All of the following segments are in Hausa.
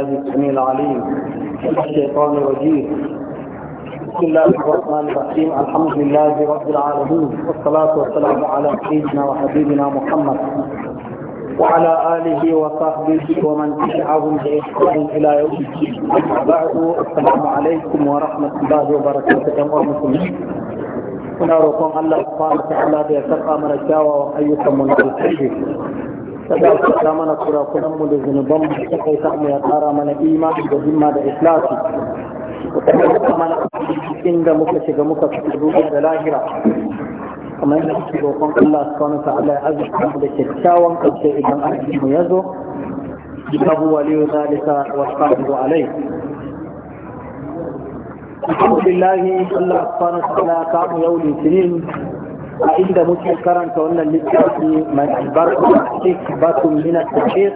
الله السميع العليم الشيطان الرجيم بسم الله الرحمن الرحيم الحمد لله رب العالمين والصلاة والسلام على سيدنا وحبيبنا محمد وعلى آله وصحبه ومن تبعهم بإحسان إلى يوم الدين أما بعد السلام عليكم ورحمة الله وبركاته أيها المسلمين muna roƙon Allah subhanahu wa ta'ala da من karɓa mana kyawawan ayyukan تدافع من كرا كنم لذنبم كي سأم يتارى من إيمان وهمة إخلاص وتمنى من إن دمك شجمك في الدنيا والآخرة kamar yadda ake roƙon Allah subhanahu ta'ala ya azurta mu da kyakkyawan karshe idan arziki mu yazo innahu waliyu zalika wa qadiru alayh alhamdulillah Allah subhanahu ta'ala ya kamu yau litinin a inda muke karanta wannan littafi mai albarka cik batun mina tashir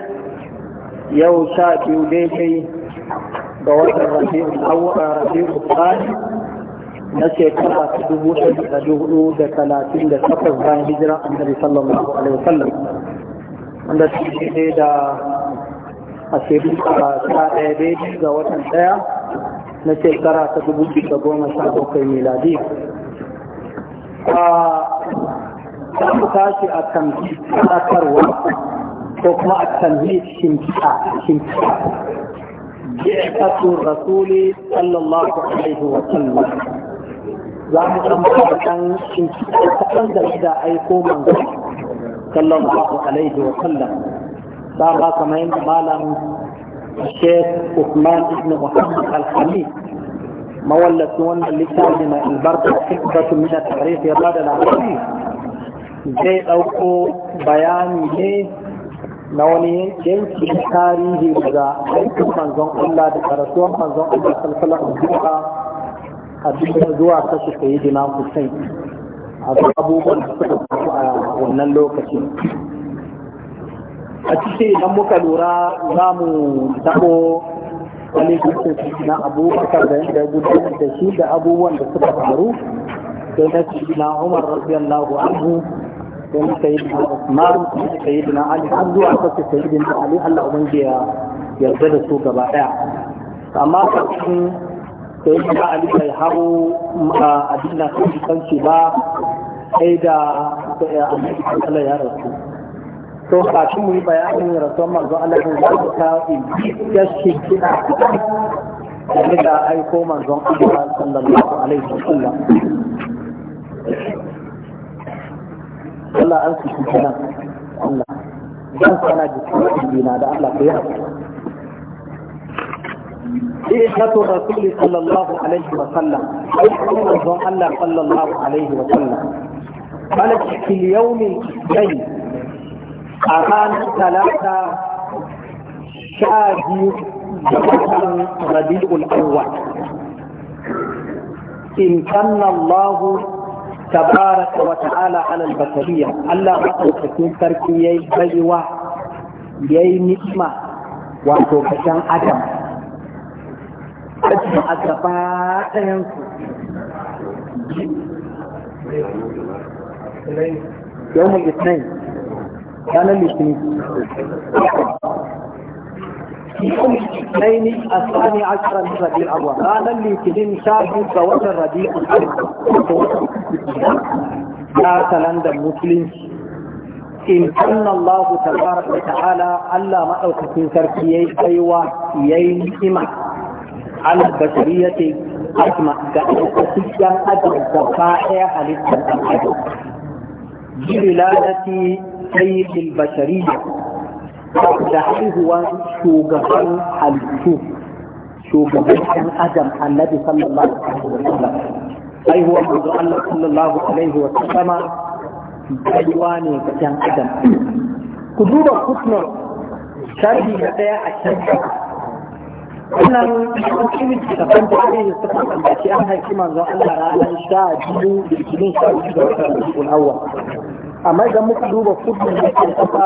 yau sha biyu daidai ga watan rabi'ul awwa rabi'ul tsari na shekara ta dubu da dubu da talatin da takwas bayan hijira annabi sallallahu alaihi wasallam wanda su daidai da ashirin a sha ɗaya daidai ga watan ɗaya na shekara ta dubu da goma sha bakwai miladi za mu tashi a tamhi tsarakarwa ko kuma a tamhi shimfiɗa shimfiɗa bi'atun rasuli sallallahu alaihi wa sallam za mu ɗan ɗan shimfiɗa kaɗan da da aiko manzo sallallahu alaihi wa sallam dama kamar yadda malam Sheikh Uthman ibn Muhammad Al-Hamid Mawallaci, wannan littafi mai albarka hikmatu min at-tarikh ya bada labari zai dauko bayani ne na wani yanki tarihi daga aikin manzon Allah da karatuwar manzon Allah sallallahu alaihi wasallam a duniya zuwa kashi sayyidina Hussein a abubuwan da suka faru a wannan lokaci a cikin idan muka lura za mu taɓo wani kusa na abubakar da yadda gudanar da shi da abubuwan da suka faru sai na su na umar radiyallahu anhu sai na sayi na usman sayi na ali har zuwa kasa sayi na ali allah ubangi ya yarda da su gaba daya amma kafin sai na ali bai haru abin da su shi ba sai da yi sallallahu alaihi wasallam ya rasu to kafin mu yi bayanin rasuwar manzo Allah ne za mu gaske kina da da aiko manzon Allah sallallahu alaihi wasallam Allah an su shi nan Allah dan kana da dina da Allah ko ya الرسول صلى الله عليه وسلم أيضا الله صلى الله عليه وسلم قالت في اليوم أمان ثلاثة شادي بحسن ربيع الأول إن كان الله تبارك وتعالى على البشرية ألا أقل تكون تركي بيوة يي نسمة وتوكشن أدم أجمع الزفاتين يوم الاثنين كان litinin الاثنين الثاني عشر من ربيع الاول كان الاثنين شاب شاهد زواج الربيع لا تلند مسلم إن كان الله تبارك وتعالى ألا ما من تركيي أيوة يين إما على البشرية أجمع كأسيا أجمع كفائها للتنقل بولادة السيد البشرية تحيه وشوغبان الشو شوغبان كان أدم النبي صلى الله عليه وسلم أي هو منذ الله صلى الله عليه وسلم أيواني كان أدم كذوب كتنر شرحي لدي الشرح wannan mutumin da kan tarihi suka tsambaci an haifi manzon Allah ranar sha biyu da kimin sha biyu da watan Rabiul Awwal amma idan muka duba kudin da ke kasa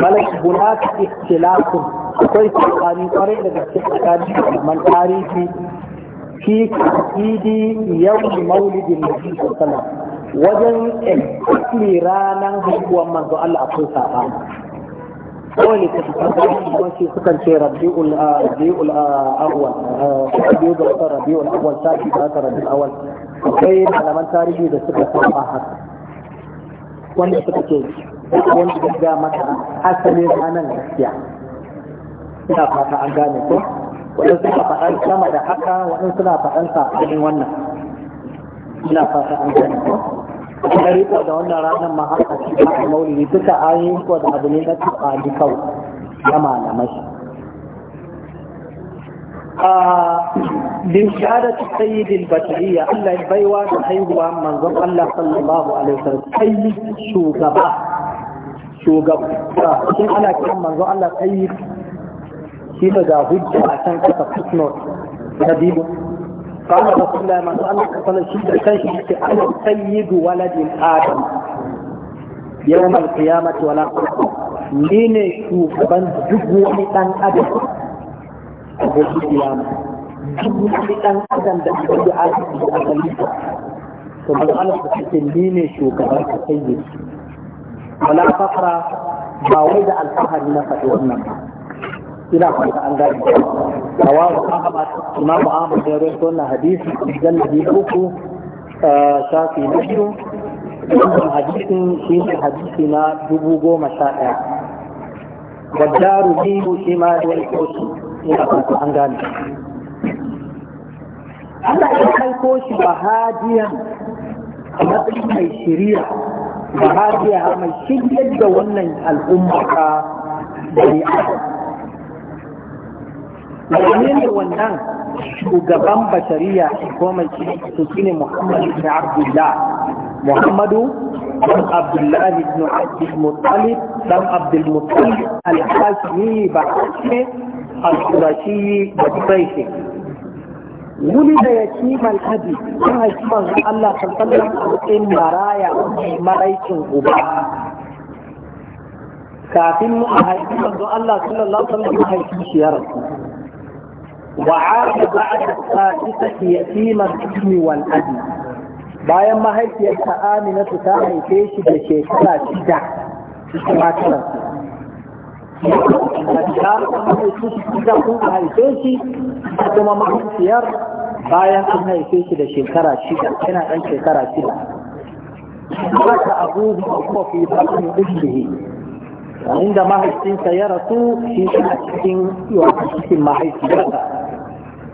malaki hunaka ikhtilafun akwai tsakani kwarai da gaske tsakanin malaman tarihi fi tafidi yawmi maulidin nabi sallallahu alaihi wajen exactly ranar haihuwar manzo Allah akwai sabani kawai ne tafi tsakanin yawanci sukan ce rabi'ul rabi'ul awwal rabi'ul awwal rabi'ul awwal sashi da rabi'ul awwal akwai malaman tarihi da suka saba haka wanda suka ce wanda ya ga maka asalin ranar gaskiya ina fata an gane ko waɗansu suna faɗan sama da haka waɗansu suna faɗan saɓanin wannan ina fata an gane ko kuma riko da wannan ranar ma haka shi maulidi duka ayoyin ko da abu ne na tuɓa kawai na malamai bin shahadati sayyidil batariya Allah ya baiwa da haihuwa manzon Allah sallallahu alaihi wasallam sayyid shugaba shugaba shin ana kiran manzon Allah sayyid shi da ga hujja a kan kasa footnote na bibu قال رسول الله من قال قال شد كيف أنا سيد ولد آدم يوم القيامة ولا قلت لين شوف بند جبوة أن أبي a gobe kiyama duk wani ɗan adam da aka yi arziki a kalifa to ba ana su cikin ni ne shugaban ka sai ne wala fakara ba wai da alfahari na faɗi wannan ba ina fata an ba gani rawahu ahmad imam ahmad ya rawaito wannan hadisi jalladi uku eh, shafi na biyu wannan hadisin shi ne hadisi na dubu goma sha ɗaya biyu والدار دين شمال والكوشي ina fata an gane Allah ya aiko shi bahadiya a matsayin mai shiriya bahadiya mai shiryar da wannan al'umma ka bani Wane ne wannan shugaban bashariya ko mai shi ne Muhammadu bin Abdullah Muhammadu دم عبد الله بن عبد المطلب دم عبد المطلب الحاشمي بحاشمه al-qurashi da quraishi da ya ci malhaji sun haifi manzon Allah sallallahu alaihi wasallam maraya maraikin uba kafin a haifi manzon Allah sallallahu alaihi wasallam haifi shi ya rasu وعاد بعد السادسة يتيما الابن والأبي bayan mahaifiyarsa Aminatu ta haife shi da shekara shida cikin matarsa. da kun haife shi da kuma mahaifiyar bayan an haife shi da shekara shida yana ɗan shekara shida haka abu kuma fi bakin ubbihi inda mahaifinsa ya rasu shi a cikin cikin mahaifiyarsa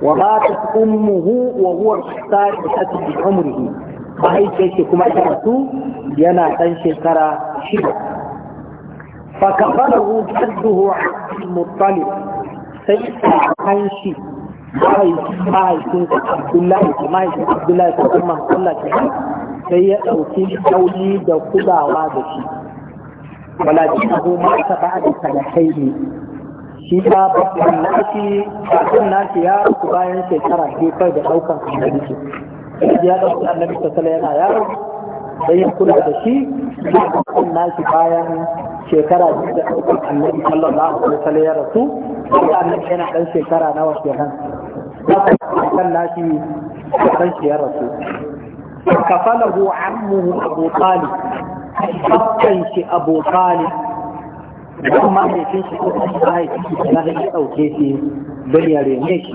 wa ta ummuhu wa huwa sa'idatu bi umrihi mahaifiyarsa kuma ta rasu yana ɗan shekara shida فكفره جده عبد المطلب سيدنا حنشي mahaifin Abdullahi da mahaifin Abdullahi ta kuma Allah sai ya ɗauki ɗauni da kulawa da shi. Walaji abu ma ta ba da sadakai ne. Shi ba babban nashi nashi ya rasu bayan shekara ke kai da ɗaukan annabi. Ya ɗauki annabi ta sala yana yaro sai ya kula da shi ya kan nashi bayan shekara biyu da ɗaukar annabi sallallahu alaihi wasallam ya rasu sai annabi yana ɗan shekara nawa kenan kan nashi kan shi ya rasu kafalahu ammuhu abu talib babban shi abu talib don mahaifin shi ko ɗan mahaifin shi na ya ɗauke shi don ya rene shi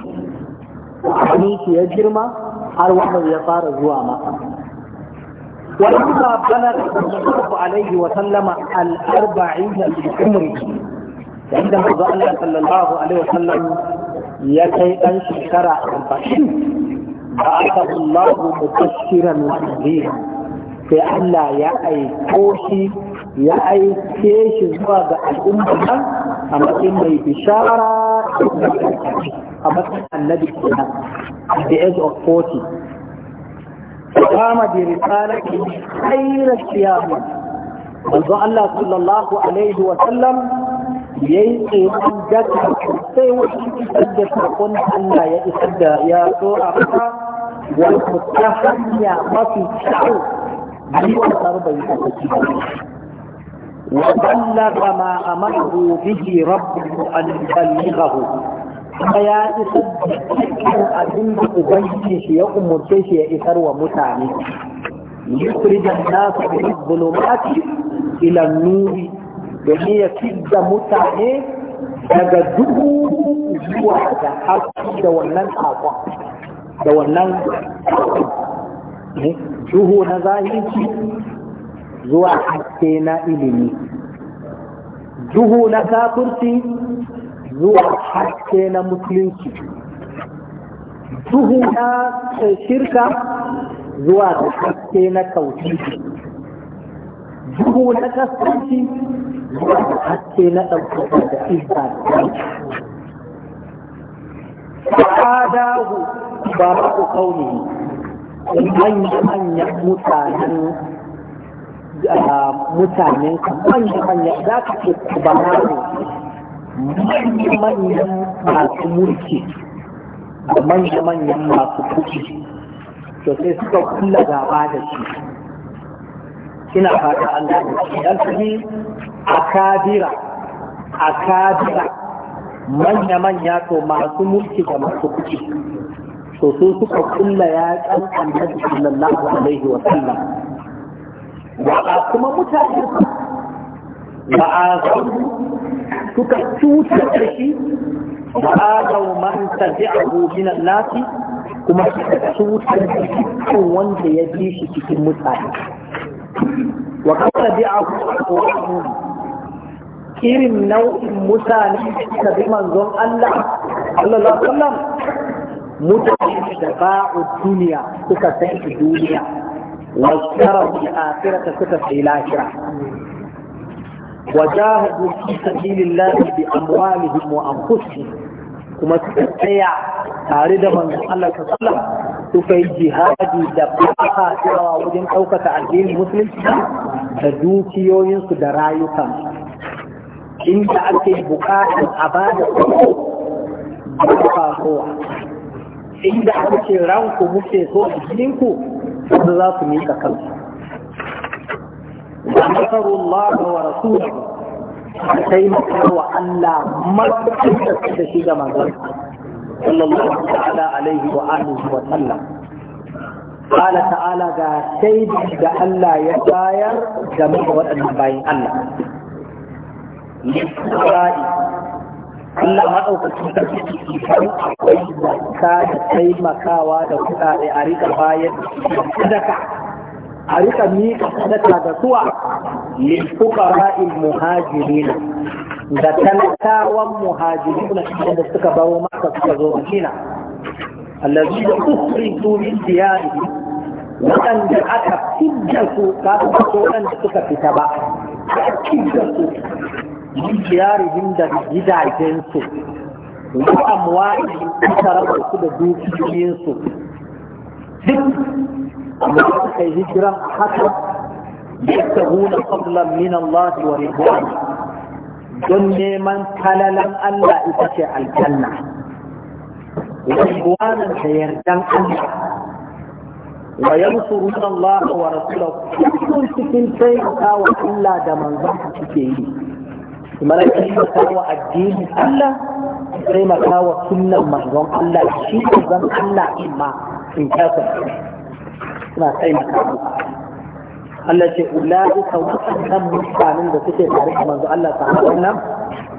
abin shi ya girma har wannan ya fara zuwa ma. ولما بلغ صلى الله عليه وسلم الأربعين من عمره عندما قال صلى الله عليه وسلم يكي أن شكر أربعين بعثه الله مبشرا ونذيرا في ألا يأي كوشي يأي كيش زواج الأمة أما إني بشارة أما النبي كنا at the age of 40 kama bi risalati khayra siyam manzo Allah sallallahu alaihi wa sallam yayi tsayin daga sai wani isar da sakon Allah ya isa da ya so a fata wato ta hanya mafi kyau bai wata bai ta ba وبلغ ma أمره به ربه أن يبلغه kuma ya isar da cikin abin da ubangiji shi ya umurce shi ya isar wa mutane yusrijan nasu bil zulumati ila nuri domin ya fidda mutane daga duhu zuwa da haske da wannan sakon da wannan eh, duhu na zahirci zuwa haske na ilimi duhu na kafirci zuwa haske na musulunci duhu na shirka zuwa da haske na tauhidi duhu na kasance zuwa da haske na ɗaukaka da isa fa'adahu ba ku kauni manya-manyan mutanen ah, mutanen manya-manyan za ka ce ba manyan masu mulki da manya-manyan masu kuɗi to sai suka kula gaba da shi ina fata an gane shi dan kaji a akabira manya-manya to masu mulki da masu kuɗi to su suka kulla ya kan annabi sallallahu alaihi wa sallam ba kuma mutane ba a suka cutar da shi wa agau man tabi'ahu min an-nas kuma suka cutar da shi kan wanda ya bi shi cikin mutane wa qala bi'ahu qawmun irin nau'in mutane da bi manzon Allah sallallahu alaihi wasallam mutane da ba'u duniya suka san duniya wa tsara al-akhirata suka sai lahira وجاهدوا في سبيل الله باموالهم وانفسهم kuma suka tsaya tare da manzon Allah ta sallam su kai jihadi da baka wajen ɗaukata addinin musulunci da dukiyoyinsu da rayukan inda ake buƙatar a ba da ƙoƙo da ƙasowa inda ake ranku muke so a jininku da za su miƙa kansu ونصروا الله ورسوله sai makarwa wa'anda matakin da suka shi magana sallallahu alaihi wa alihi wa sallam qala ta'ala da Allah ya tayar da muka waɗannan bayin Allah Nisra'i Allah maɗaukacin da suke kifar akwai da ta taimakawa da kuɗaɗe a riƙa bayan da suka a rika miƙa sadaka ga suwa lil fuqara al muhajirin da talakawan muhajirin da suka bawo maka suka zo Madina da ukhrijtu min diyarihim waɗanda aka fidda su ka ba so waɗanda suka fita ba aka fidda su min diyarihim da gidajensu wa amwalihim aka raba su da dukiyoyinsu duk مكافح الهجرة حتى يبتغون فضلا من الله ورضوانه دون نيمان كلا لم ألا إتشع الجنة ورضوانا سيرجم الله وينصرون الله ورسوله يكون سكين سيئتا وإلا دمان ضحك سكين ملك المساوى الدين ألا سيئتا وكل المحظوم ألا الشيء ذن ألا إما إن كاتب suna taimaka Allah ce ulai ka waɗannan mutanen da suke tare da manzo Allah ta wannan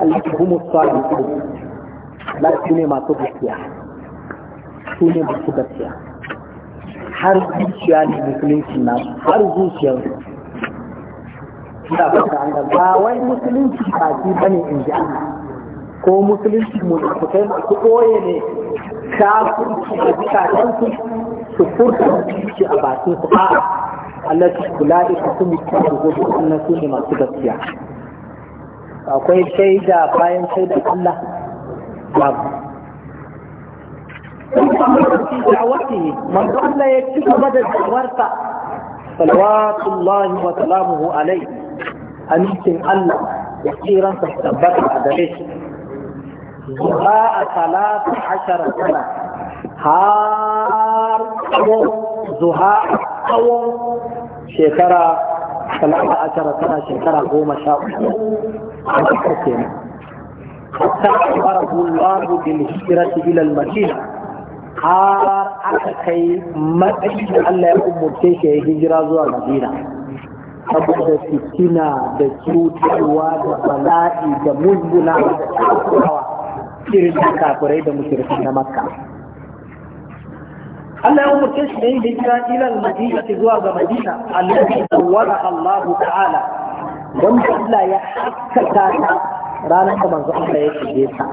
Allah humu salihu la su ne masu gaskiya su ne masu gaskiya har zuciya ne musulunci na har zuciyar da fata an ga ba wai musulunci ba ki bane in ji Allah ko musulunci mu da kai su koye ne kafin su da zikatansu su furta shi a bakin su a'a Allah ta kula ita sun mutu da gobe sannan su ne masu gaskiya akwai shaida bayan shaida Allah babu da'awati manzo Allah ya ci gaba da da'awarsa salawatullahi wa salamuhu alai, amincin Allah ya tsiran sa tabbata a gare shi zuwa a talata ashara sana tsawon zuha tsawon shekara talata cara tana shekara goma sha uku a ƙasar kenan hatta fara bulwaru da hijrati ila al madina har aka kai matsayi da Allah ya umurce shi ya hijira zuwa madina saboda fitina da cutarwa da bala'i da muzguna da kafirawa irin da kafirai da mutum na makka Allah ya umurce shi da yin hijira ila al-Madina zuwa ga Madina allati tawwara Allah ta'ala wanda Allah ya hakkaka ta ranar da manzo Allah ya shige ta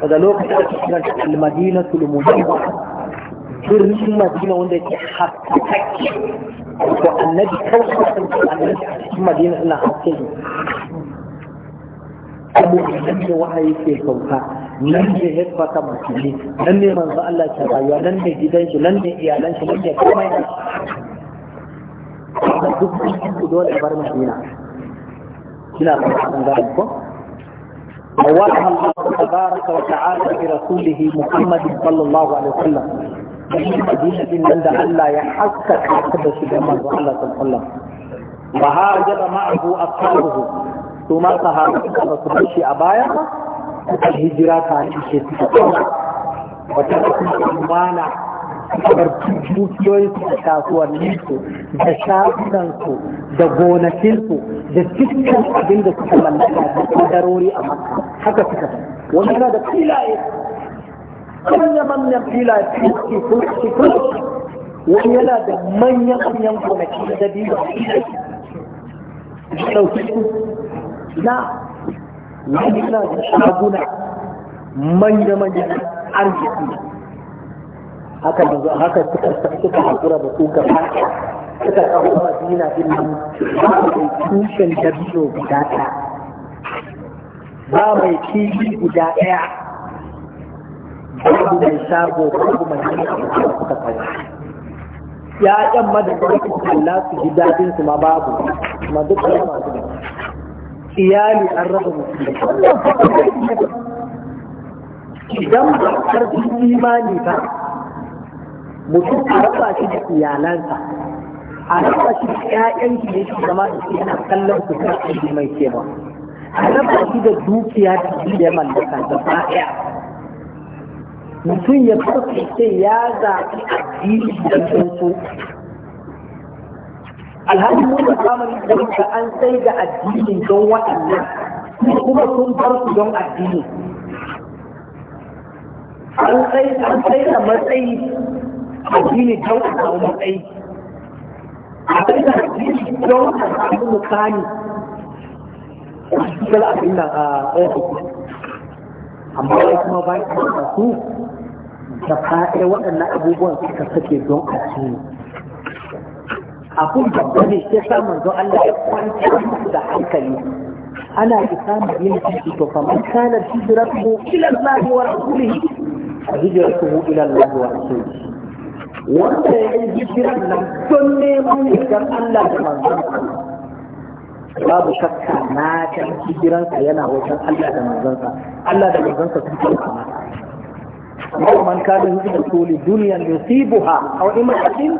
daga lokacin da kira ta al-Madina al-Munawwara birnin Madina wanda yake hakkaki ko annabi kawai san annabi cikin Madina ina hakkaki abu da wahayi ke sauka nan da ya ba ka nan ne manzo Allah ke rayuwa nan ne gidan shi nan ne iyalan shi nan ne komai da duk cikin su dole bar madina kina ba san garin ko wa Allah tabaraka wa ta'ala bi rasulih Muhammad sallallahu alaihi wasallam din din nan da Allah ya haskaka ka da shi da manzo Allah sallallahu alaihi wasallam wa hajara ma'ahu ashabuhu ثم صحابته رسول الله عبايا suka hijira tare da ke suka kama wata suka imana suka bar dukiyoyin su da kasuwannin su da shagunan su da gonakin su da cikin abin da suka mallaka da kadarori a maka haka suka wani yana da filaye manya manyan filaye fiski fiski fiski wani yana da manyan manyan gonakin da biyu da ɗauki na wani na da shaguna manya-manyan arziki haka da haka suka suka hakura da su gaba suka kawo madina din nan ba mai tushen dabino guda ta ba mai kifi guda ɗaya babu mai shago babu mai hanyar da suka kawo ya'yan madadin su kalla su ji dadin su ma babu kuma duk masu da iyali an raba idan ba karfi imani ba mutum a raba shi da iyalansa a raba shi da ‘ya’yan shi ne shi zama da shi yana kallon su kan aiki mai kewa a raba shi da dukiya da shi da mallaka da ba'ya mutum ya farko ce ya zaɓi addini da sun alhaji mun da zamani da an sai da addini don waɗannan kuma sun bar don addini an sai da matsayi addini don a samu matsayi a sai da addini don a samu mukami kala abin nan a ofis amma wai kuma ba su da fa'ai waɗannan abubuwan suka sake don addini abun da wani ya sa manzo Allah ya kwanta da hankali ana isamu yin ciki to kamar kana hijratu ila Allah wa rasulihi hijratu ila Allah wa rasulihi wanda ya yi hijiran nan don neman hijiran Allah da manzon babu shakka na kan hijiransa yana wajen Allah da manzonsa Allah da manzonsa sun ce kamata ومن كان يريد رسول دنيا يصيبها او امرأة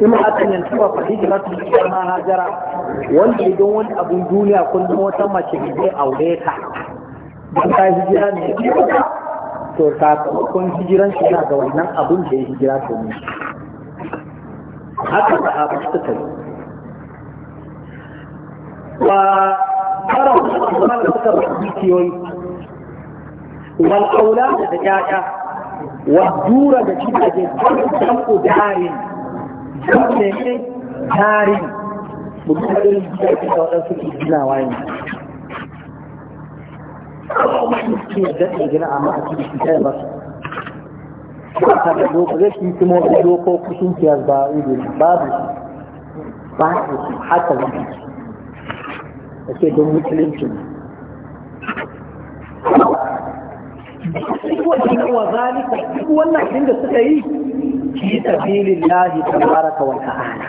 imra'atan yantuwa fa hijratu ila ma hajara wanda idan wani abun duniya kullum wata mace ne zai aure ta da ta hijira ne to ta kun hijiran shi na ga wannan abun da ya hijira to ne haka sahaba ta yi wa fara da suka rubuta kiyoyi wal aula da ƴaƴa wa dura da gidaje da ɗan udarin don ne ne tari mutum da irin gida ke da waɗansu ke ginawa ne ke da ɗin gina a amma a cikin shi ba su ba ta da doka zai shi kuma wani doko kusun kiyar ba ido babu ba a shi haka wani da ke don musulunci duk wannan abin da suka yi fi sabilillahi tabaraka wa ta'ala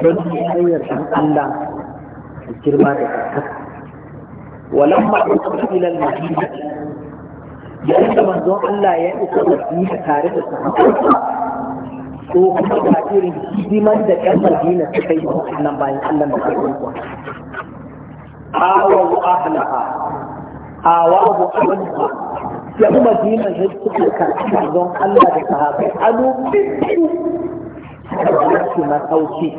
don hanyar san Allah girma da tsaka walamma yusuf ila al-madina yayin da manzon Allah ya isa da tare da sahabbai ko kuma ga irin hidiman da ƴan Madina suka yi wannan bayan Allah da aka yi kuwa. Awawu ahlaha, awawu ahlaha, ya fi madina ne suke karfi don Allah da sahabai anu bisu da su na sauki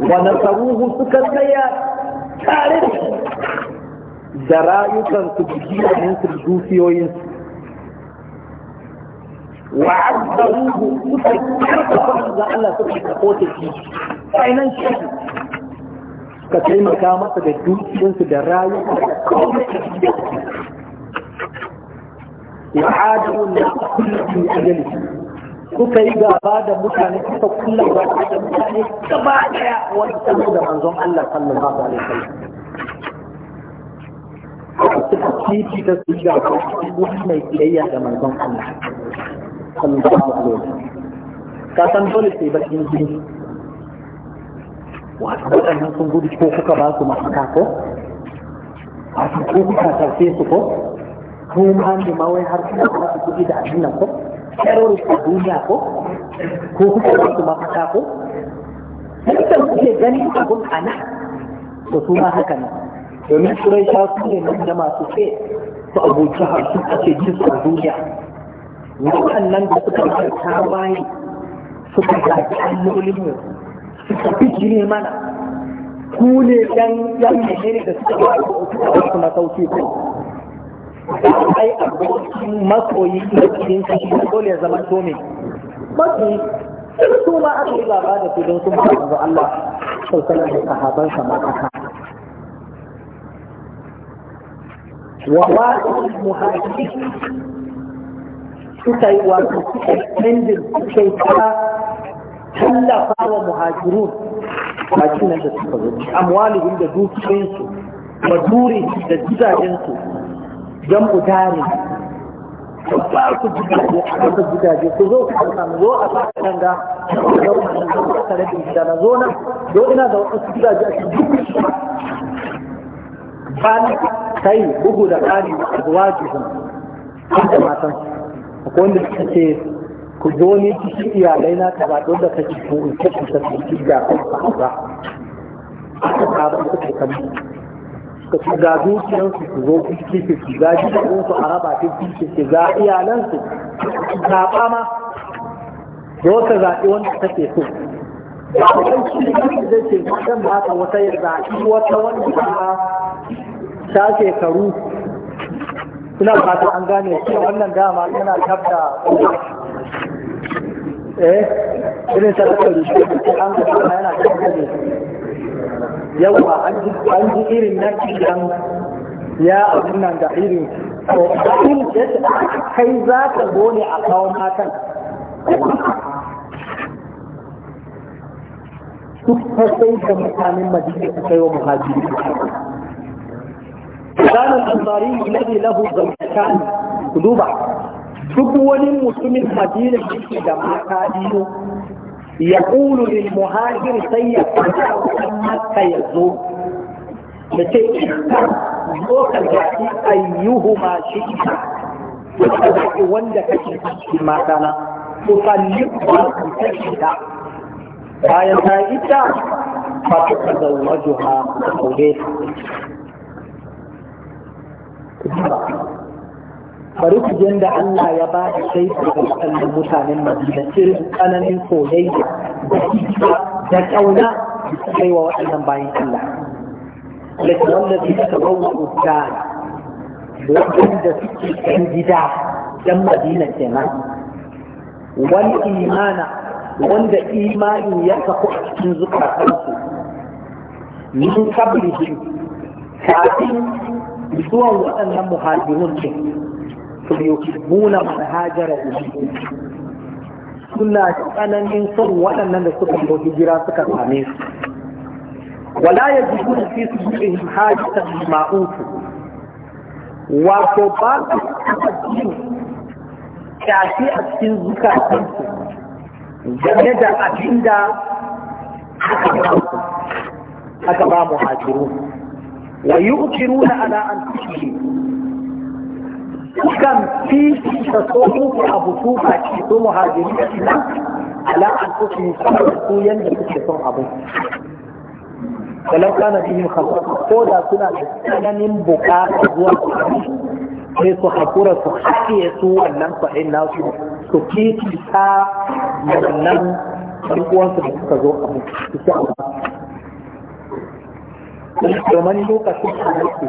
wa nasaruhu suka tsaya tare da rayukansu da jiyaninsu da dukiyoyinsu wa azzaruhu suka karfafa da Allah suka kafote shi ainihin shi ka taimaka masa da dukiyarsu da rayukansu da kawai wa na kullum ajali kuka yi gaba da mutane kuka kulla gaba da mutane gaba daya wani tsaro da manzon Allah sallallahu alaihi wasallam suka titi ta su ga wani mai kiyayya da manzon Allah sallallahu alaihi wasallam ka san dole sai bakin jini wato waɗannan sun gudu ko kuka ba su mafaka ko su ko kuka tarfe su ko ko ma ne ma wai har kuna ba su kuɗi da abin nan ko terrorist a duniya ko ko kuka ba su mafaka ko dukkan kuke ganin abun a nan to su ma haka nan domin turai sha su ne nan da masu ce su abuja har su ake jin su duniya waɗannan da suka karta bayi suka zaɓi allolinmu suka fi jire mana ku ne ɗan yan menene da suka ba su na sauki ko ai abokin makoyi cikin kashi dole ya zama to ne maki su ma aka yi gaba da su don sun ba da Allah sauƙaƙa da sahaban sa maka wa wa muhajiri suka yi wato suka yi tendin suka yi ta tallafa wa muhajirun bakin nan da suka zo amwalihim da dukiyoyinsu wa duri da gidajensu jam'u tare ku ba ku gidaje a kasa gidaje ku zo ku kasa mu zo a kasa ganga zo a nan zo a tare da gidana zo nan zo ina da wasu gidaje a cikin bani kai bugu da ƙari a zuwa jihin da matan akwai wanda suka ce ku zo ne cikin iyalai na ka zaɓi da kake ko in kasance da gida ba aka tsara suka kai suka ci ga dukiyarsu su zo fifty ga gidansu a raba fifty ga iyalansu zaɓa ma da wata zaɓi wanda take so ba a kan shi zai ce zan ba ta wata ya zaɓi wata wanda ba ta shekaru ina fata an gane shi wannan dama yana tabda eh irin ta tattara shi an ga yana tabda ne yawa an ji irin na kiran ya abin nan da irin to abin da kai za ka gole a kawon matan duk kasai da mutanen madina su kai wa muhajiri كان الأنصاري الذي له زوجتان قلوبا duk wani mutumin madina da ke يقول للمهاجر سيفتح مكة يزور لكي اختر ذوق الجاهل أيهما شئت وتبعي وندك ما كان تطلقها تجد bayan ta yi ta bari ku da Allah ya ba da sai su ga waɗannan mutanen Madina irin tsananin soyayya da ƙauna da kai wa waɗannan bayan Allah. Lakin wallafi suka bawa uta waɗanda suke ɗan gida ɗan Madina kenan. Wani imana wanda imani ya kafu a cikin zukatansu. Min kablihin kafin zuwan waɗannan muhajirun ɗin. فيحبون من هاجر إليهم suna tsananin son waɗannan da suka zo hijira suka same su wala ya ji kuma fi su buɗe hajjata ma'utu wato ba su taɓa jin kyashi a cikin zukatansu game da abin da aka ba su aka ba muhajiru wa yi ukiruna ala an tushe kan fi da so muku abu tufa ce so muhajiri da ina ala an kusa yi saboda su yanda suke son abu walau kana biyu khasasa ko da suna da tsananin bukata zuwa sai su hakura su haƙe su wannan kwaɗin nasu su kici ta da wannan uwansu da suka zo abu su sha Allah. Domin lokacin da nake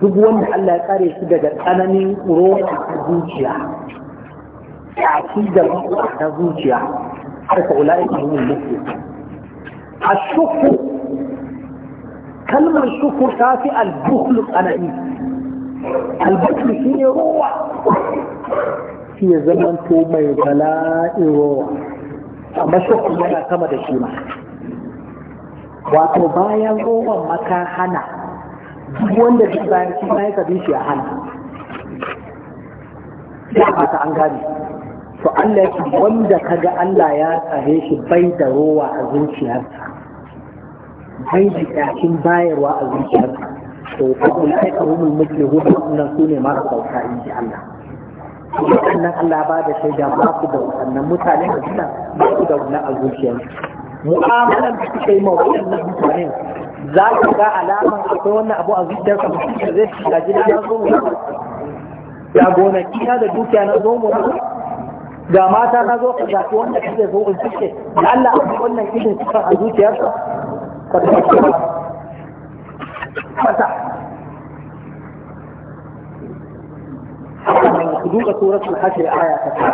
duk wanda Allah ya kare shi daga tsananin roƙi ta zuciya ta'kidar ta zuciya har ka ulai ka mun mutu ashukru kalmar shukru ta fi al-bukhl tsanani al-bukhl shine ruwa shi ya zamanto mai bala'in ruwa amma shukru yana kama da shi ma wato bayan rowan maka hana wanda shi bayan shi bayan ka bishi a hannu ya fata an gane to Allah ya ce wanda kaga Allah ya tsare shi bai da rowa a zuciyarsa bai da yakin bayarwa a zuciyarsa to kuma sai ka rumun muke hudu nan su ne mara sauka in ji Allah waɗannan Allah ba da shaida ba su da wannan mutane a ba su da wannan a zuciyarsu mu'amalar da suka yi ma wannan mutane za ka ga alaman akwai wannan abu a zuciyar ka zai shiga gida na zo mu ga gonaki na da dukiya na zo mu ga mata na zo ka zafi wanda kake zo in suke da Allah abu wannan irin cikin a zuciyar ka ka tabbata ku duka suratul hashr aya ta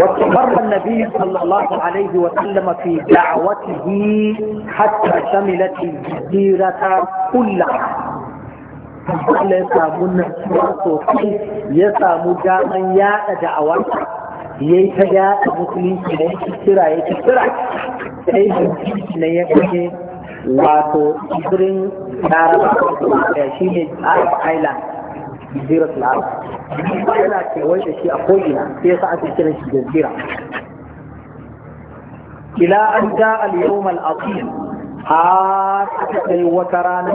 واستمر النبي صلى الله عليه وسلم في دعوته حتى شملت الجزيرة كلها Allah ya samu nasuwa sosai ya samu daman yaɗa da'awarsa ya yi ta yaɗa musulunci na yake ya ci sai ya wato tsibirin larabawa shi ne a island yana kewaye da shi a ko'ina sai yasa ake kiran shi jazira ila an ja al-yawm al-azim har aka wata rana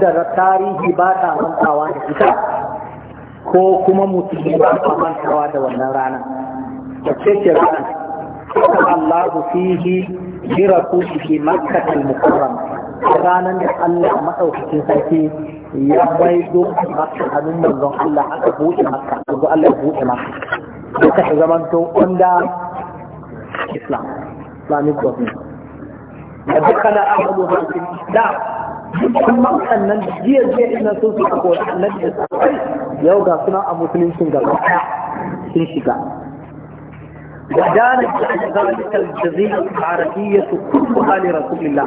ba tarihi ba ta da ita ko kuma mutum ba ta mantawa da wannan rana wacce ce rana ku فيه ke مكة المكرمة ranar da Allah maɗaukacin sarki ya bai a maka manzon Allah aka buɗe maka yanzu Allah buɗe maka duka ta zaman to under Islam Islamic government da duka na abubu hankali da dukkan makan jiya jiya ina sun su kako nan da sabai yau ga suna a musulunci gaba ɗaya sun shiga ودانت ذلك الجزيرة العربية كلها لرسول الله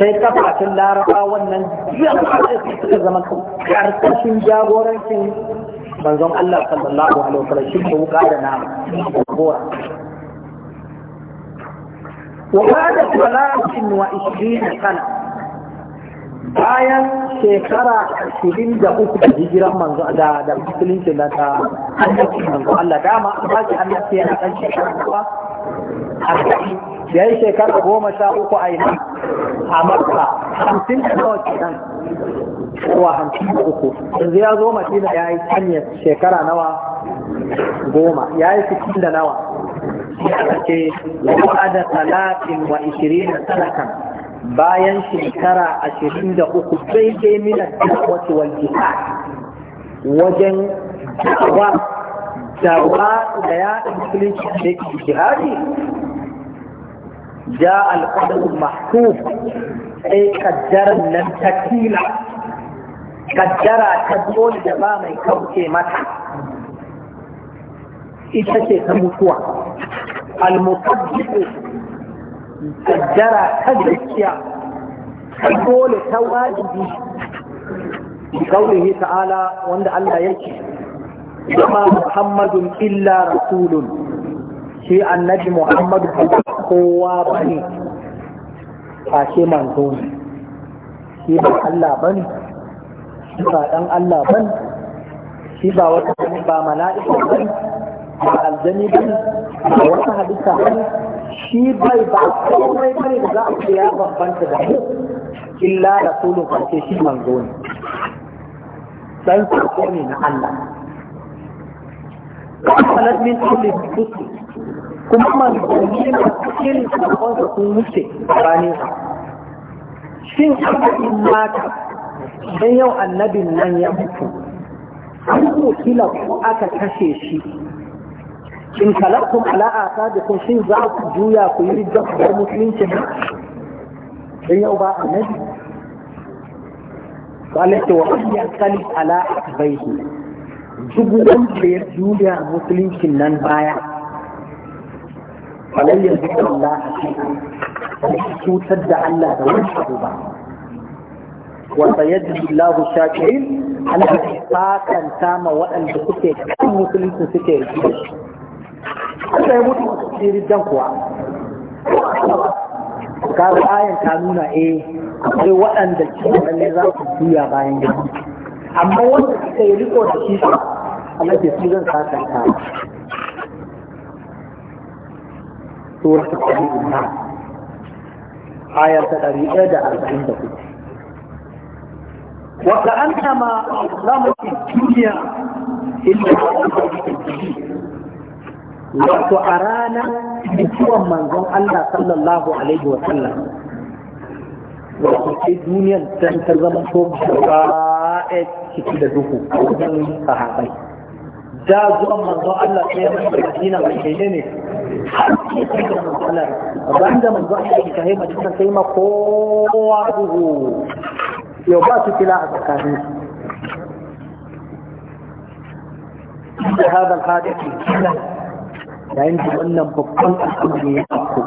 sai kafafin laraba wannan biyan kafafin suka zama karkashin jagorancin manzon Allah sallallahu alaihi wasallam shi ne wuka da nama gora wa kada talatin wa ishirin sana bayan shekara ashirin da uku da hijiran manzo da da musulunci da ta annabi manzo Allah dama an ba shi annabi yana kan shekara a ya yi shekara goma sha uku a yi a makka hamsin da nawa nan wa hamsin da uku yanzu ya zo madina ya yi canye shekara nawa goma ya yi fitin da nawa ya ce wa'ada talatin wa ishirin talakan bayan shekara ashirin da uku daidai mina da'awati wal jihad wajen dawa da ya musulunci da ke jihadi ja alƙadar mahkuf sai kaddarar nan ta kila kaddara ta dole da ba mai mata ita ce ta mutuwa almutaddiqu kaddara ta gaskiya ta dole ta wajibi قوله تعالى وان الله يكفي Muhammadu محمد الا رسول shi annabi muhammadu kowa ba ne ba shi manzo ne shi ba Allah ba ne shi ba ɗan Allah ba ne shi ba wata ba mala'ika ba ne ba aljani ba ne ba wata hadisa ba ne shi bai ba komai ba ne da za a ce ya bambanta da mu illa da rasulun farce shi manzo ne dan sako ne na Allah قالت من كل الكتب kuma masu manzanni na cikin sakonsa sun wuce ba bayanin shin annabin mata don yau annabin nan ya mutu an kila ko aka kashe shi in kalaktum ala asabikum shi za ku juya ku yi rijjar musulunci don yau ba annabi قال وقد يختلف على أكبيه جبوا ya يجولي musulunci nan baya. falan yanzu da Allah a cikin cutar da Allah da wani abu ba wata yadda Allahu shakirin Allah ya sakanta ma waɗanda suke kan musulunci suke yi Allah ya mutu tsiri dan kuwa kaga ayan ta nuna eh akwai waɗanda cikin ne za su juya bayan gida amma wanda suka yi riko da shi Allah ke su zan sakanta سورة الإمام آية الأربعين وكأنما أظلمت الدنيا إلا wato a ranar mutuwan manzon Allah sallallahu alaihi wa sallam wato sai duniyan ta zama ko gaba ɗaya ciki da duhu wajen sahabai da zuwan manzo Allah sai ya mutu Madina mai kai ne har sai sai da manzo Allah ban da manzo Allah ya kai Madina sai ma kowa duhu yau ba su kila a tsakanin da hada hadisi kila yin da wannan babban al'amari ya afko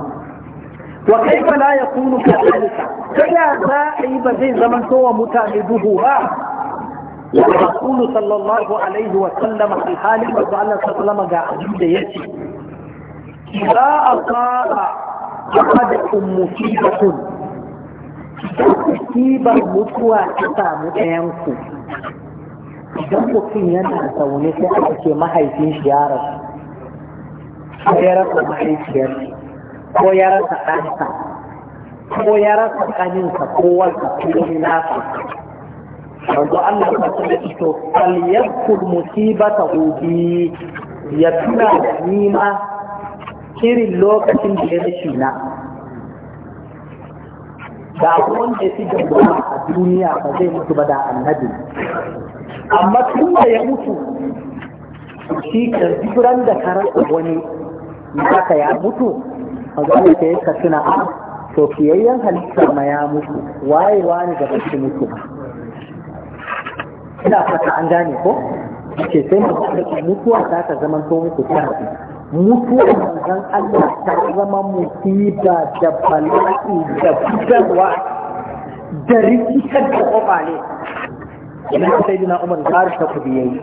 wa kai kaifa la yakunu kadhalika kada za a yi ba zai zamanto wa mutane duhu ba الرسول صلى الله عليه وسلم الحالي وقال صلى الله عليه وسلم قاعد يأتي da أصاب أحدكم مصيبة مصيبة متوى تسام أيامكم idan mutum yana zaune sai aka ce mahaifin shi ya rasu ko ya rasa mahaifiyar ko ya rasa ɗansa ko ya rasa ƙaninsa ko wasa ko nasa manzo Allah ya ce ito fal yakul musibata ubi ya tuna da nima irin lokacin da ya rashi na da wanda ya fi jagora a duniya ba zai mutu ba da annabi amma tun da ya mutu shi karfiran da karanta wani haka ya mutu magana ka yi ka tuna a ah, to fiyayyen halittar ma ya mutu waye wani da ba mutu ba ina fata an gane ko ce sai mutuwa za ta zama to muku sharadi mutuwa manzon Allah ta zama musiba da bala'i da fitarwa da rikitar da kwabale ina sai dina Umar zar ta kudi yayi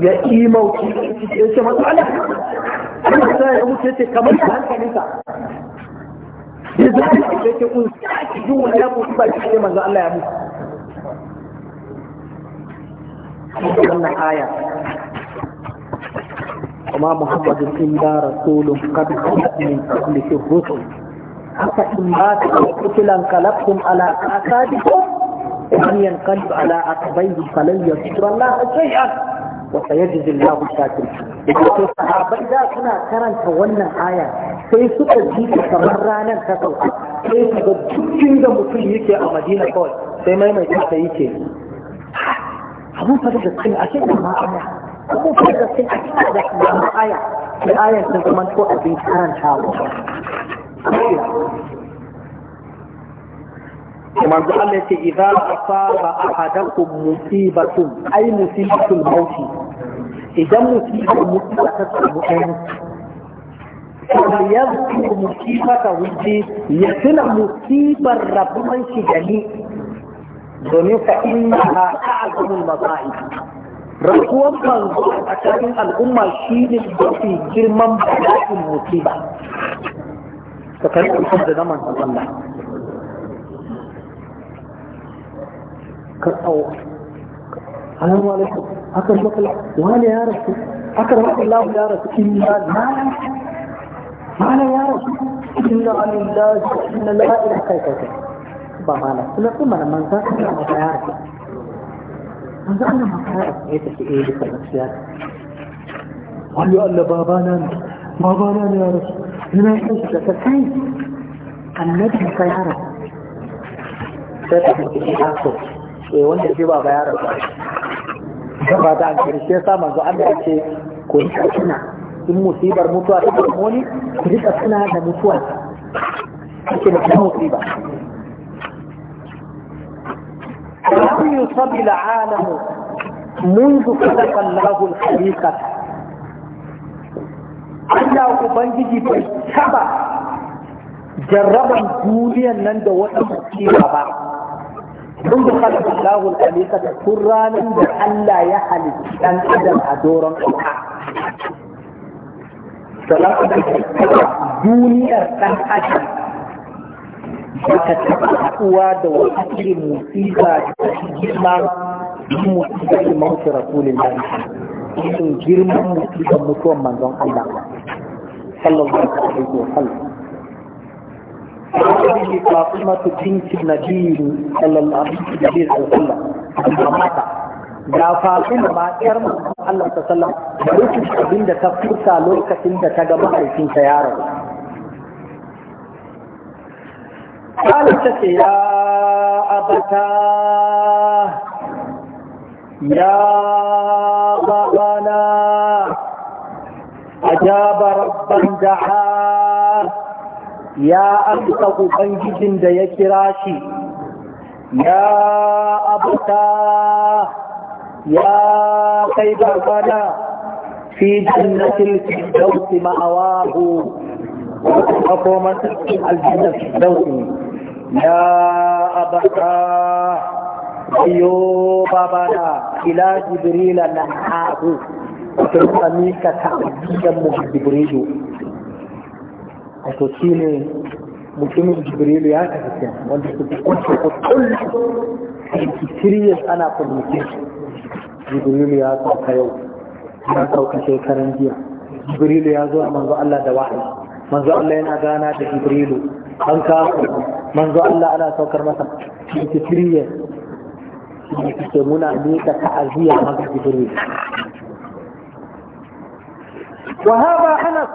ya imauci ya ce masu Allah sai ya mutu ce kamar da hankalinka ya zai ce ce kun sa ki ji ba ki ce manzon Allah ya mutu wannan aya kuma muhammadin illa rasulun qad khalat min qablihi rusul haka in ba ta kutulan kalabtum ala asadikum man yanqalib ala aqbayhi falan wa shakir sahabbai da suna karanta wannan aya sai suka ji kamar ranar ta sauka sai su ga dukkan da mutum yake a Madina kawai sai maimaita ta yake أبو فرد السلعة كده ما أنا أبو في السلعة كده ما آية الآية تضمن فوق أبي حرام حاله قال إذا أصاب أحدكم مصيبة أي مصيبة الموت إذا مصيبة مصيبة الموت فليذكر مصيبة وجهه يسلم مصيبة ربما شجني domin fa innaha ta'zimul masa'ib rakuwan manzo a cikin al'umma shine mafi girman bala'in musiba ka kai kusa da zaman Allah ka tsawo alamu alaikum akar makala wani ya rasu akar makala ya rasu inna malam malam ya rasu inna alillahi inna la'ila kai kai kai ba mala suna su mana manzan suna makayar manzan suna makayar ya tafi eh duka gaskiya wani Allah babana ne babana ne ya rasu yana yin shi da kai annabi ka ya rasu sai ta mutu shi haso eh wanda shi ba ya rasu ba ta an karshe sa manzo Allah ya ce ko kina in musibar mutuwa ta kuma wani ku rika suna da mutuwa ake da kuma musiba ولم يصب العالم منذ خلق الله الخليقة Allah Ubangiji bai taba jarraban duniyan nan da wata musiba ba. Mun da khalaqa Allahu al-khaliqa da tun ranar da Allah ya halitta dan adam a doron ƙasa. Salam duniyar dan adam ba ka taɓa da wata irin musiba da girma yin musiba da su rasulun da su girman musibar mutuwan manzon Allah sallallahu alaihi wa sallam هذه فاطمة بنت النبي صلى الله عليه da fatima ba Allah ta sallam da lokacin da ta furta lokacin da ta aikin ta yaro Kala ta ce, Ya abata, ya babana, ajabar banjaha, ya abuka Ubangijin da ya kira shi, ya abata, ya kai babana, fi jannatin fi dauki ma'awa makoman cikin aljanna ne. ya abata yo babana ila jibrila na haɗu wato suka mika ta'abiyan mu jibrilu wato shi ne mutumin jibrilu ya tafi can wanda su fi kwanci ko kullum ana communication jibrilu ya sauka yau ya sauka shekaran jiya jibrilu ya zo a manzo Allah da wahayi manzo Allah yana gana da Jibrilu an kawo manzo Allah ana saukar masa fitiriye ke muna miƙa ta'aziyya maka Jibrilu wa hada Anas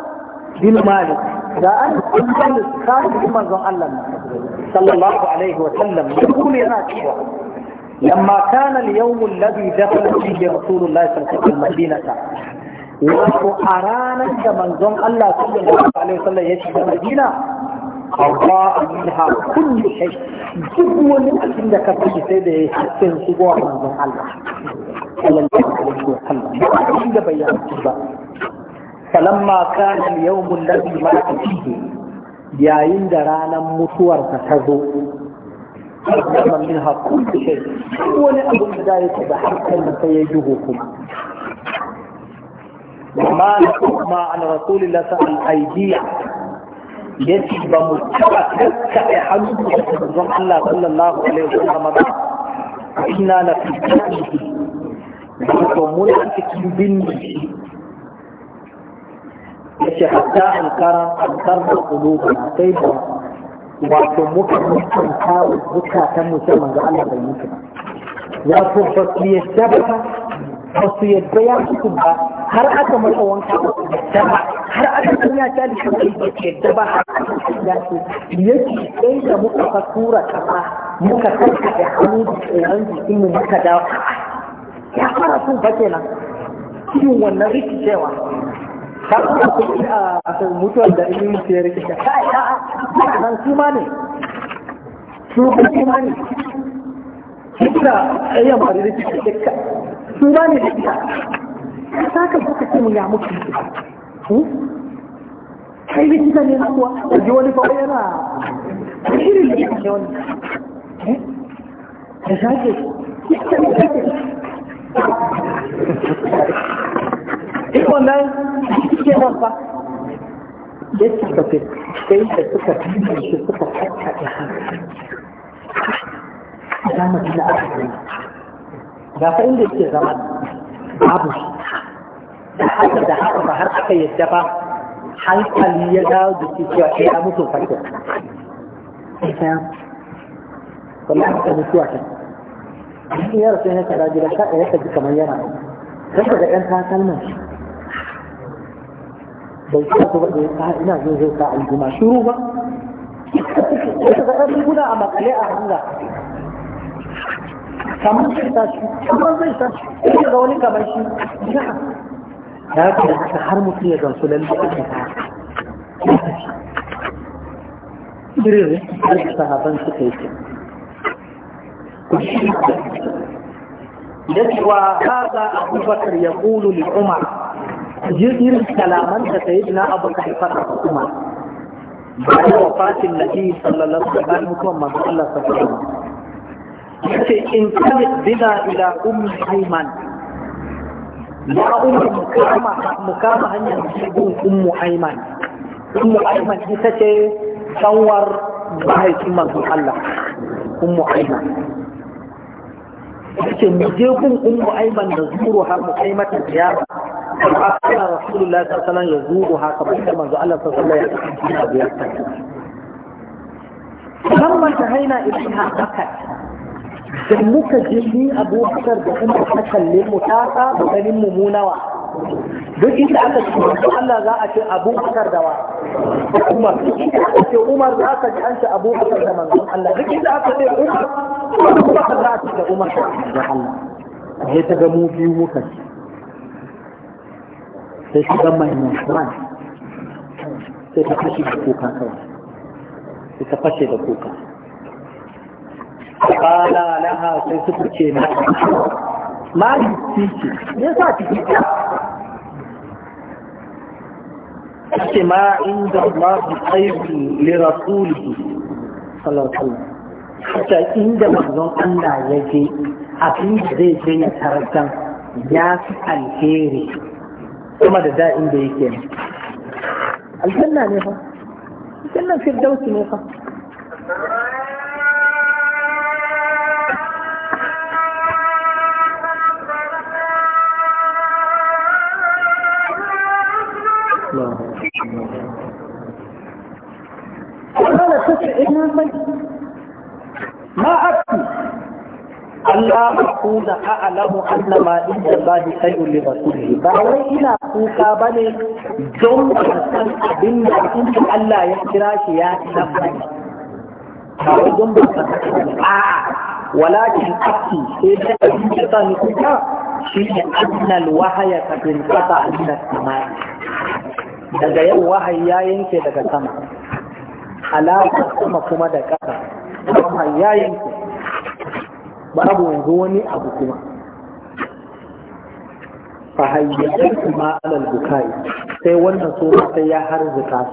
bin Malik da an kullum kafi manzo Allah sallallahu alaihi wa sallam kuma yana cewa لما كان اليوم الذي دخل فيه رسول الله صلى الله عليه وسلم wato a ranar da manzon Allah sallallahu alaihi wasallam ya shiga Madina Allah minha kullu shay duk wani abin da ka fi sai da ya cikin shigo a manzon Allah sallallahu alaihi wasallam ba da bayyana ba falamma kana al-yawm alladhi mata fihi yayin da ranar mutuwar ta zo أكثر منها كل شيء ولا أبو البداية بحركة سيجوه كما ma na kuma an rasulillah ta al'aidiyya ya ba mu taɓa kakkaɓe hannu da manzon Allah sallallahu alaihi wasallam ba ina na fitaɗi wato muna cikin bindi ya ce hatta an kara an karɓar ƙulubu sai da ta muka mutunta ta musamman ga Allah bai mutu ba wato ba su ba su yadda ya fito ba har aka masa wanka ba su yadda ba har aka san ya ta lishin kai ba su yadda ba har aka san ya ce yake sai da muka fa tura kasa muka saka da hannu da tsoron jikin mu muka dawo ya fara sun ba kenan cikin wannan rikicewa ta kuma kuɗi a kan mutuwar da ilimin su ya rikice kai a'a nan su ma ne su ma ne kira ayyan ba da rikici dukka su ba ne dukka ta ka suka ce mu ya muku hmm? kai likita ne kuwa a ji wani fa yana a shirin likita ne wani da shaƙe ita wannan hmm? ke nan fa ya ce ka fi sai da suka fi shi suka kakkaɗe hankali shiga madina a cikin ga fa inda ke zama babu shi da haka da haka ba har aka yadda ba hankali ya dawo da ke cewa sai ya mutu fata kuma aka mutuwa ta in ya rasu ya kada gida ka ya kaji kamar yana kan daga ɗan takalman shi bai sa ba da ya ina zo zai sa aljuma shuru ba ka ga ɗan guda a makale a hanga kamar zai tashi kamar zai tashi kuma ga wani kamar shi ya ya da haka har mutum ya gamsu lalle a ta Birin da sahaban suka yi yake wa haza abubakar ya kulu li umar jirgin kalaman da ta yi na abubakar fara umar bayan wafatin nabi sallallahu alaihi wasallam kuma manzo Allah sallallahu alaihi wasallam yace in kana bina ila ummi ayman ya ummi mukama mukama hanyar cikin ummu ayman ummu ayman ita ce sanwar mahaifin manzon Allah ummu ayman yace mu je kun ummu ayman da zuru har mu kai mata ziyara amma kana rasulullahi sallallahu alaihi ya zuru haka bai da manzon Allah sallallahu alaihi wasallam ya ziyarta lamma ta haina ilaiha zakat da muka je ni abubakar da kuma ta kalle mu ta saba ganin mummunawa duk inda aka ce Allah za a ce abubakar da wa Umar duk inda ce Umar za ka ji an ce abubakar da manzon Allah duk inda aka ce Umar kuma za a ce da Umar da Allah sai ta ga mu biyu muka sai shi ga mai musamman sai ta fashe da kuka kawai sai ta fashe da kuka kala laha sai suka ce na mari ciki ya sa ciki ta ce ma inda ma su tsaibin lirasuli salatu ta inda manzon Allah ya je abin da zai je ya tarakan ya fi alheri kuma da da'in da yake aljanna ne fa aljanna firdausi ne fa ولا شفع الا من ما اكفي الله يقول اعلم ان ما عند الله خير لرسوله باوي الى كوكا بني دون حسن ابن مرحوم الله يكرا شيا آه. ولكن اكفي سيدا ابن شطان كوكا ان الوحي قد من السماء daga yau wahayi ya alaƙa kuma kuma da ƙasa amma yayin ku babu yanzu wani abu kuma fa hayyatu ma alal bukai sai wannan su sai ya zuka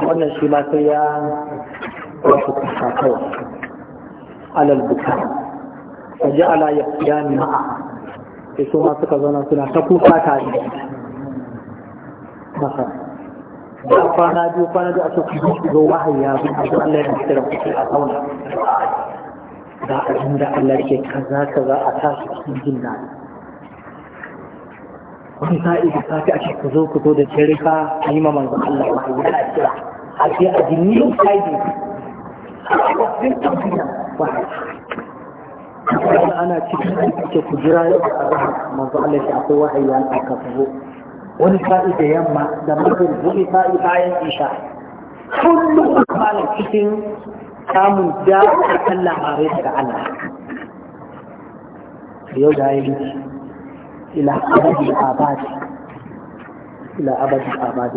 su wannan shi ma sai ya wasu kasa kawai alal bukai Ya ja'ala yaqiyani ma'a sai su ma suka zauna suna ta kuka tare masa da kwana biyu kwana biyu a ce ku zuci zo wahayi ya zo a Allah ya kira ku a sauna da abin da Allah ke kaza kaza a tashi cikin jin daɗi wani sa'i da safi ake ce ku zo ku zo da jirika a yi ma da Allah wahayi yana kira a ce a ji new tidings ana cikin ake ku jira yau a zahar manzo Allah shi akwai wahayi ya aka zo wani sa'i da yamma da mutum wani sa'i bayan isha kullum malam cikin samun da'a kan labarai daga Allah yau da yi ila abadi abadi ila abadi abadi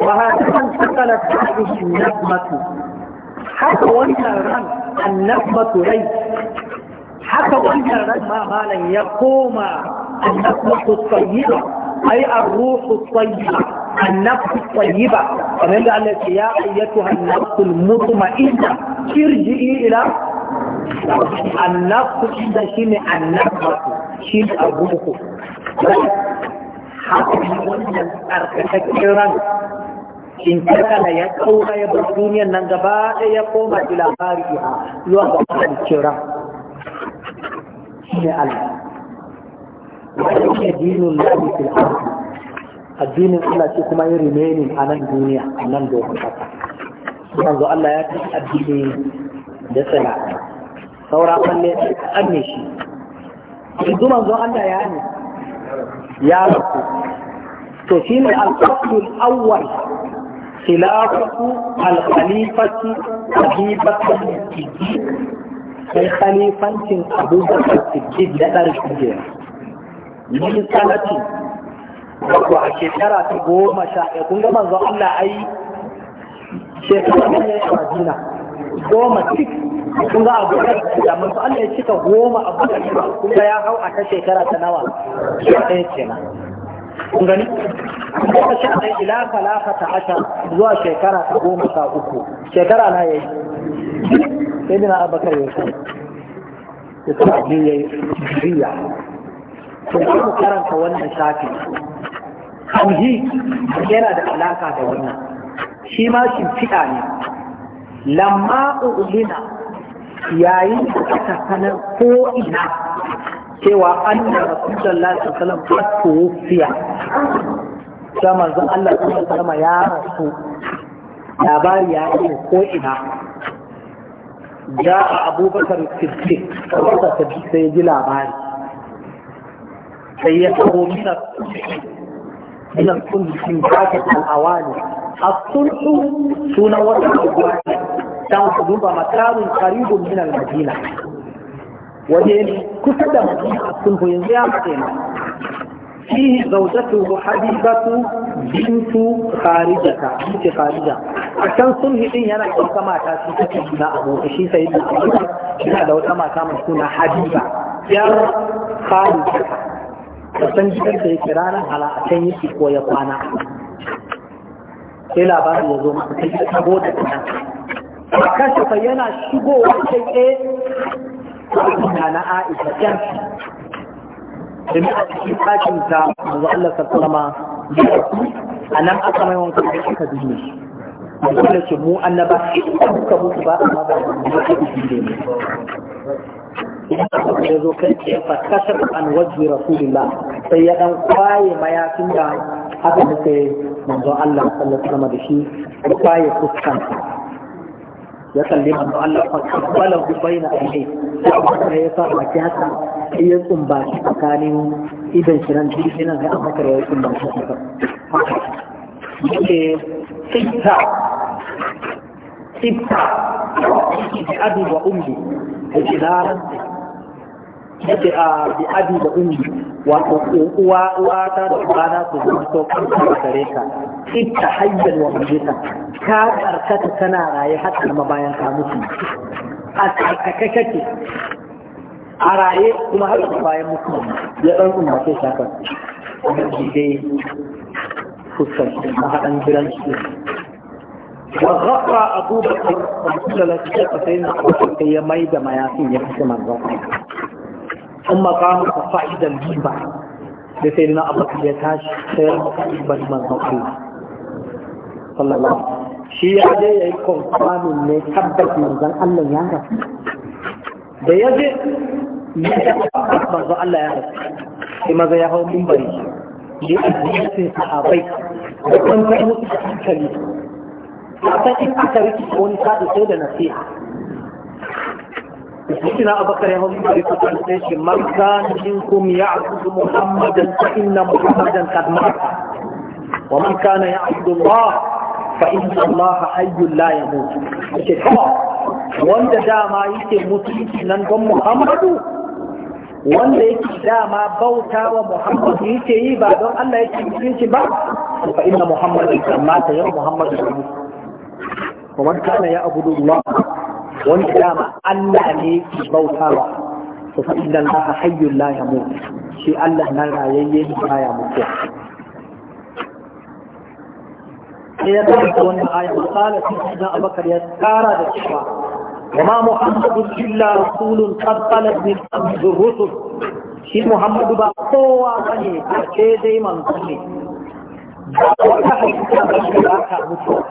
وهكذا انتقلت هذه النغمة حتى وانت الرن النغمة ليس حتى وانت الرن ما مالا يقوم النفس الطيبة أي الروح الطيبة النفس الطيبة فمن قال لك يا أيتها النفس المطمئنة ارجئي إلى النفس إذا شمع النفس شمع الروح حقا wannan tsarkakakken ran in kana ya kaura ya bar duniyan nan gaba da ya koma ila bari'a zuwa ga wannan kira ne Allah wani dinin lafi fil addinin Allah ce kuma yi remaining a nan duniya a nan dogon kasa yanzu Allah ya ci addini da tsala saura kalle an ne shi yanzu manzo Allah ya ne ya rasu to shine al-qasul awwal khilafatu al-khalifati habibatu siddiq sai khalifancin abubakar siddiq da ɗarshen jera min sanatin wato a shekara ta goma sha ɗaya kun ga manzo Allah ai shekara ta ne a Madina goma tik kun ga abu da manzo Allah ya cika goma a Madina kun ga ya hau a ta shekara ta nawa sha ɗaya kenan kun gani ta sha ɗaya ila ta asha zuwa shekara ta goma sha uku shekara na yayi sai dina abakar ya sai ya ce ya yi to mu karanta wannan shafi tauhid yana da alaka da wannan shi ma fiɗa ne lamma ulina yayin da aka sanar ko ina cewa an da rasulullahi sallallahu alaihi wasallam qad Allah sallallahu alaihi ya rasu labari ya yi ko ina ja abubakar siddiq sai ji labari sai ya taho minan kullum bakin al'awali a sulhu sunan wata abuwa don ku duba makarin karibun minan madina waje ne kusa da madina a yanzu ya mace ma فيه زوجته حبيبة بنت خارجة بنت A can sun دين yana da wata mata shi take a abu shi sai da yana da wata mata mai suna Habiba yar Khalid ka san gidan da yake ranar halakan yake ko ya kwana sai labarin ya zo masa kai ta tabo da kuma a kashe fa yana shigowa sai ɗaya a na Aisha can domin a cikin ɗakin ta manzo Allah sallama a nan aka mai wanka da aka dubi manzo Allah ce mu annaba idan kuka mutu ba a maza da ku dubi ne idan kuka zo kai ya fa kashe an wajhi rasulullah sai ya dan kwaye mayafin da haka muke manzon Allah sallallahu alaihi wasallam da shi ya kwaye fuskan ya kalli Allah faqala bi baina ayyi sai ya sa haka sai ya tsumba shi tsakanin idan shi nan shi nan sai aka kare ya tsumba shi haka yake tsita tsita bi abi wa ummi yake da yake abi ah, da ummi wato uwa uwa ta da ubana su zuwa to kan da gare ka ita hayyan wa mulka ka karkata kana raye har kuma bayan ka mutu a karkaka kake a raye kuma har kuma bayan mutu ya dan kuma sai shakar dai fuskar mahaɗan jiran shi وغطى أبو بكر رسول الله صلى الله عليه وسلم يميد ما يأتي يحسن الرقم ثم قام فصعد الجبل لسيدنا أبو بكر يتاش سير مكتبا من الله صلى الله عليه وسلم shi ya je ya yi kwamfanin ne tabbat manzan Allah ya rasu da ya je ya ce tabbat manzan Allah ya rasu sai maza ya hau mimbari ya ajiyasin sahabai da kwanfai musu da hankali a san in aka riki wani sa'adu sai da nasiha سيدنا أبو بكر يهودي من كان منكم يعبد محمدا فإن محمدا قد مات ومن كان يعبد الله فإن الله حي لا يموت wanda dama yake mutunci nan don Muhammadu wanda yake dama bautawa Muhammadu yake yi ba don Allah yake mutunci ba fa inna Muhammadan kamata yau Muhammadu ya Wani dama Allah ne ke bautawa to fa inna Allah hayyul la yamut shi Allah nan rayayye ne baya mutuwa sai ya tabbata wannan aya misala sai idan Abubakar ya tsara da cewa وما محمد إلا رسول قد خلت من Muhammadu ba kowa bane ba قوة بني أشي دي من ظلي وكا حيث كان بشي أكا مطلق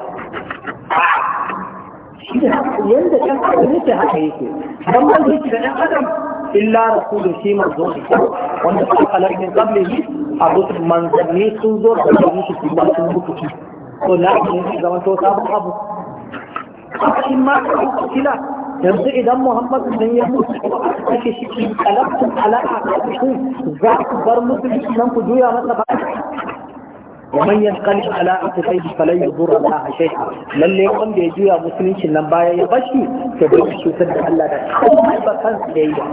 yanda ɗan adam yake haka yake dan ban yake da ɗan adam illa rasulu shi ma zo manzo ne wanda suka halar min qablihi abu manzanni sun zo da su shi ba sun mutu shi to na ne zaman to sabon abu in ma ka kila yanzu idan muhammadu dan ya mutu kake shi kalabtu ala aqabikum za ku bar musulmi nan ku juya masa ba ومن ينقلب على عقبيه فلن يضر الله شيئا لن يقوم بيجوا مسلم شنن بايا يبشي تبقى شو الله ده كم حبا كان سيئا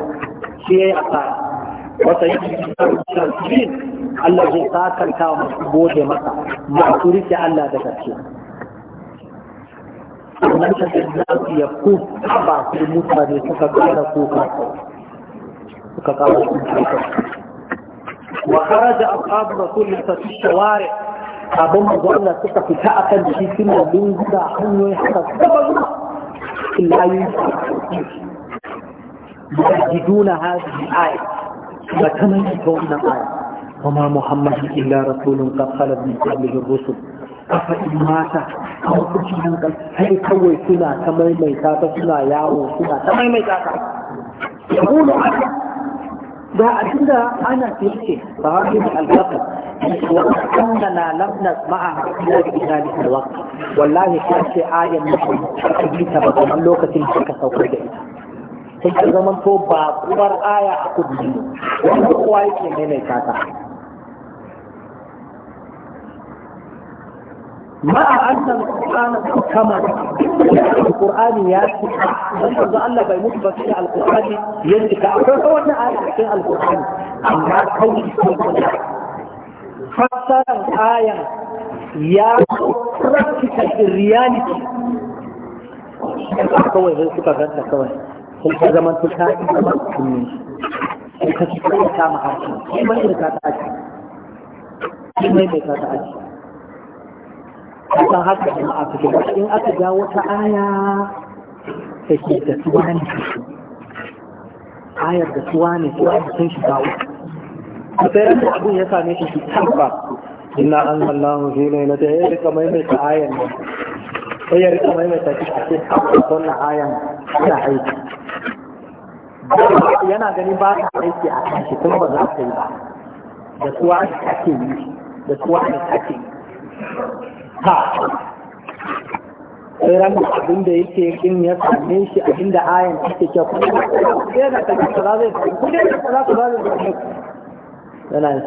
شيئا الله جيسا كان كاو مصبوه مكا الله ده وخرج أصحاب رسول الله في الشوارع abin da Allah suka fita a kan shi suna lunguda hanyoyi haka gaba zuwa هذه الآية فتمن يكون آية وما محمد إلا رسول قد خلت من قبله الرسل أفإن مات أو قتل ينقل هل كوي سنة تمي ميتاتا سنة ياو سنة تمي ميتاتا يقول أنا أنا أجل أنا تلك صاحب الفقر وأننا لم نسمع في ذلك الوقت والله كانت آية مثل تبقى من لوكة تلك سوف sai ta zama to ba kuwar aya a kudu wanda kowa yake maimaita ta ma'a annan qur'ana kama ya ce, dan Allah bai mutu ba cikin alqur'ani yadda ka akwai wannan aya cikin alqur'ani amma kawai ko fassarar ayan ya practical in reality kawai zai suka ganta kawai sun ka zaman ta ta yi zama kunni sun ka suka yi kama harshe sai mai da ta ake sai mai da ta ake kasan haka jama'a suke in aka ga wata aya da ke da suwa ne ayar da suwa ne suwa ne sun shiga uku sai ran abun ya same shi tabba inna anzalnahu fi lailatin ya rika maimaita ayan sai ya rika maimaita shi a cikin wannan ayan ana aiki yana ganin ba ka aiki a kan shi kuma ba za ka yi ba da kuwa ne kake yi da kuwa ne kake yi ha sai ran abin da yake kin ya same shi abin da ayan take kyau kuma sai da kaza zai kuma da kaza zai yana yi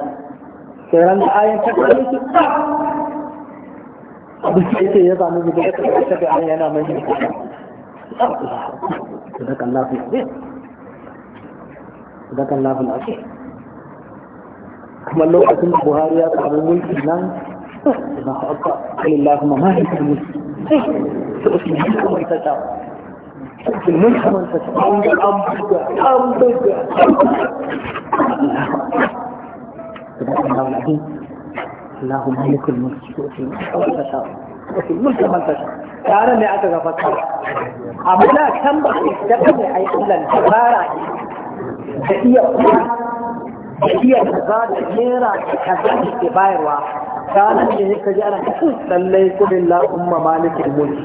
sai ran da ayan ta su ta abin da yake ya zama zuba ya kalli ta ga yana mai shi صدق الله العظيم صدق الله العظيم kuma lokacin da buhari ya samu mulki nan na haka alillah kuma ma yi kuma su su yi kuma ita ta mun kamanta ta an buga an buga سبحانه الله العظيم الله ملك الملك وفي الملك الملك من تشاء تعالى ما أتى غفتها أبدا كم بخير أي أولا الجبارة هي هي كذا غير كذا استبايروا كان في كذا أنا سليت لله مالك الملك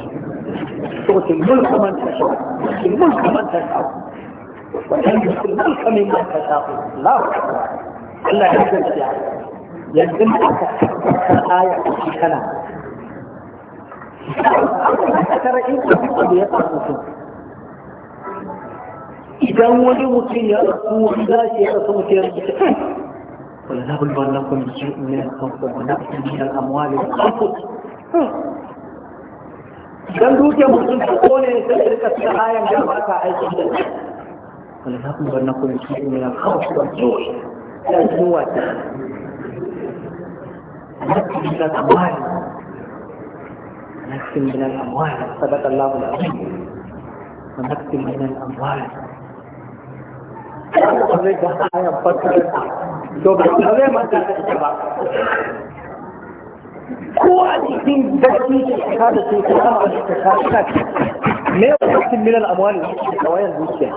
تؤتي الملك من تشاء الملك من تشاء وتنجح الملك ممن تشاء الله أكبر Allah ya gaskiya yanzu aka tabbatar aya a shekara shekara in ka fi abu ya faru idan wani mutum ya rasu wani za shi ya rasu mutum ya rasu ولنبلونكم بشيء من الخوف ونقص من الاموال والانفس dan dukiyar mutum ta kone ne sai rika cikin ayan da ba ta aiki da wala na kuma wannan kuma shi ne na kawo shi ya cikin wata nafsin bilal amwal nafsin bilal amwal sadaka Allah da azim wa nafsin bilal amwal Allah ga ayan fasara to ba zai manta da ta ba ko a cikin baki ka da su ka kama da ta ka me wa nafsin bilal amwal da wayan zuciya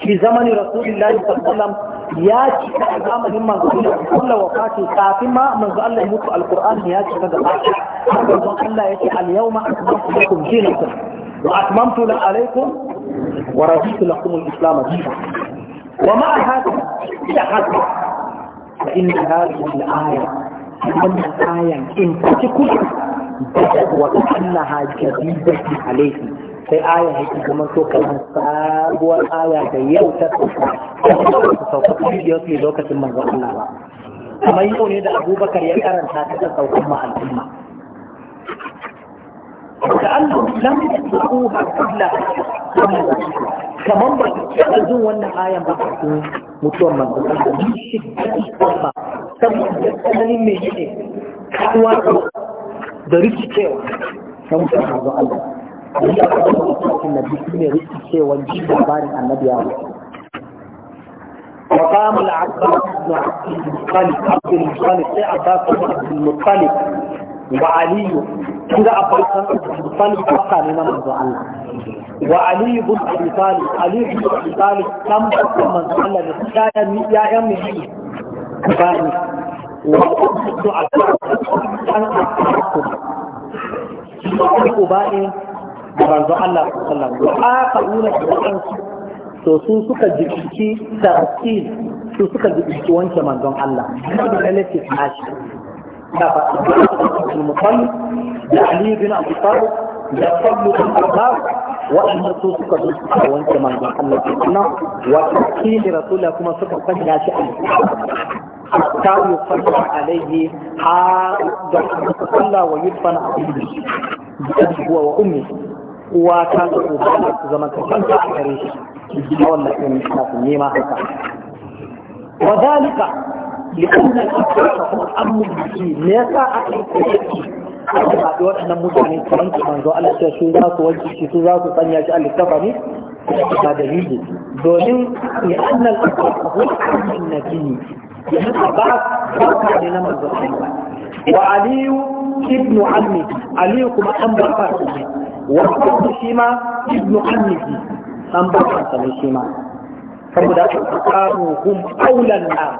في زمن رسول الله صلى الله عليه وسلم يا شيخ زمن من الله كل وفاة كافما من له يموت القرآن يا شيخ قال الله يتي اليوم أكملت لكم دينكم وأتممت عليكم ورضيت لكم الإسلام دينا ومع هذا إلى هذا فإن هذه الآية أن الآية إن تكون وكأنها جديدة عليكم sai aya yake zama to kamar sabuwar aya da yau ta sauka ta bidiyo ne lokacin manzon Allah ba kamar yau ne da abubakar ya karanta ta ta saukan ma al'umma da Allah lam yasuha illa kamar ba ta jin wannan ayan ba su mutuwar manzon Allah ni shi ba saboda tsananin mai ne karuwa da rikicewa ta mutuwar manzon Allah wani da kuma mutum nabi shi ne rikicewan jin labarin annabi ya wuce وقام العباس بن عبد المطلب عبد المطلب سي عباس بن عبد المطلب وعلي عند عباس بن عبد المطلب وقع لنا منذ الله وعلي بن ابي طالب علي بن ابي طالب كم من الله كان يا ام بني وقلت عباس انا احبكم وقلت da manzo Allah sallallahu alaihi wasallam ka nuna da to su suka jikiki su suka jikiki wanke Allah da lalace tashi da da Ali bin Abi da su suka zo wanke manzon Allah kenan wa rasula kuma suka kanya shi حتى يصلى عليه حاجة صلى ويدفن uwa ta da uba da su zama kanta a gare shi a wannan ɗin na su nema haka wa zalika لأن الأسرة الأمن به ليس أحد aka faɗi waɗannan mutane kamar ki manzo Allah ce su za su wanke shi su za su sanya shi a littafani ba da riji domin ya annal akwai akwai nabi ya ba ka ne na manzo Allah wa aliyu ibnu ammi aliyu kuma an ba ka ne wani shi ma ibnu anniki an ba kan sanin shi ma saboda aka karo hum aulan na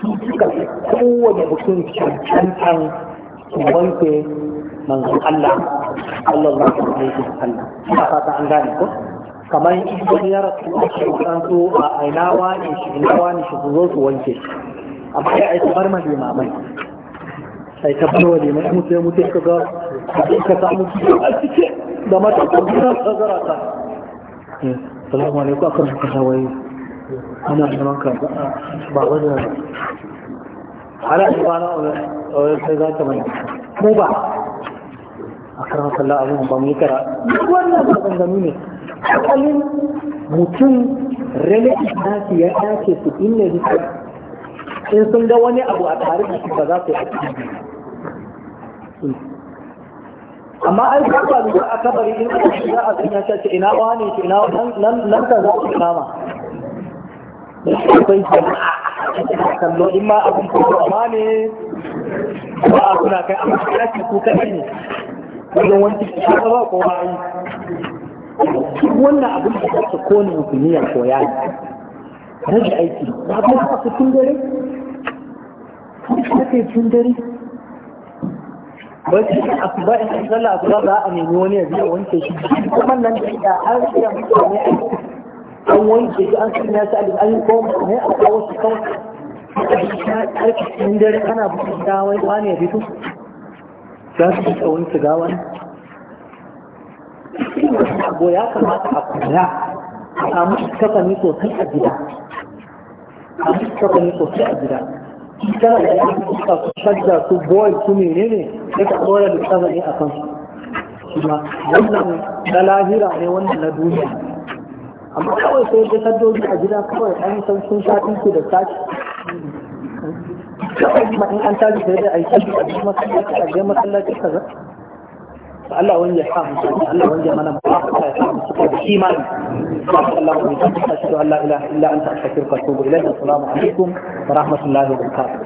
su suka fi kowane mutum cancantan wanke manzon Allah sallallahu alaihi wa sallam ina fata an gane ko kamar in ya rasu a shekaran su a ainawa ne shi inawa ne shi zo su wanke shi amma ya aita bar ma limamai sai ta bar wa limamai mutu ya mutu ya ga abin ka samu cikin a cike da mata kwamfuta tsazara ta salamu alaikum a kan haka ana neman ka ba wajen ala shi ba na wani sai za ta mai mu ba a karan sallah abin ba mu yi kara duk wannan maganganu ne akalin mutum relative nasi ya dace su inna duka in sun ga wani abu a tare da shi ba za su yi aiki amma an saba da a kabari in za a sanya ta ce ina wani ce ina nan nan ka za ku kama akwai jama'a kallo in ma abin kuma amma ne ba a kuna kai amma kana ce ku kai ne wajen wani ta ba ko ba yi wannan abin da za su kone musulmi ya koya ne rage aiki ba ba su tun dare kuma kake tun dare wasu asuba in sallah asuba za a nemi wani ya biya wanke shi kuma nan da an siya mutane an wanke shi an sanya shi a an yi kowa a kawo su kawai ƙarfin dare ana buɗe gawai wani ya fito za su fita wani gawan abu ya kamata a kula a samu kafani sosai a gida a samu kafani sosai a gida kana da yan suka shadda su boy su ne? sai ka tsora da tsara ne kan su wannan na lahira ne wannan na duniya amma kawai sai da saddoji a gida kawai an san sun sha ɗinki da sashi kawai in an tashi sai dai a yi sabbi a cikin masallaci a ga masallaci kaza Allah wanda ya samu Allah wanda mana baraka ya samu da imani Allah wanda ya samu da Allah ilaha illa anta astaghfiruka wa atubu ilayk assalamu alaikum wa rahmatullahi wa barakatuh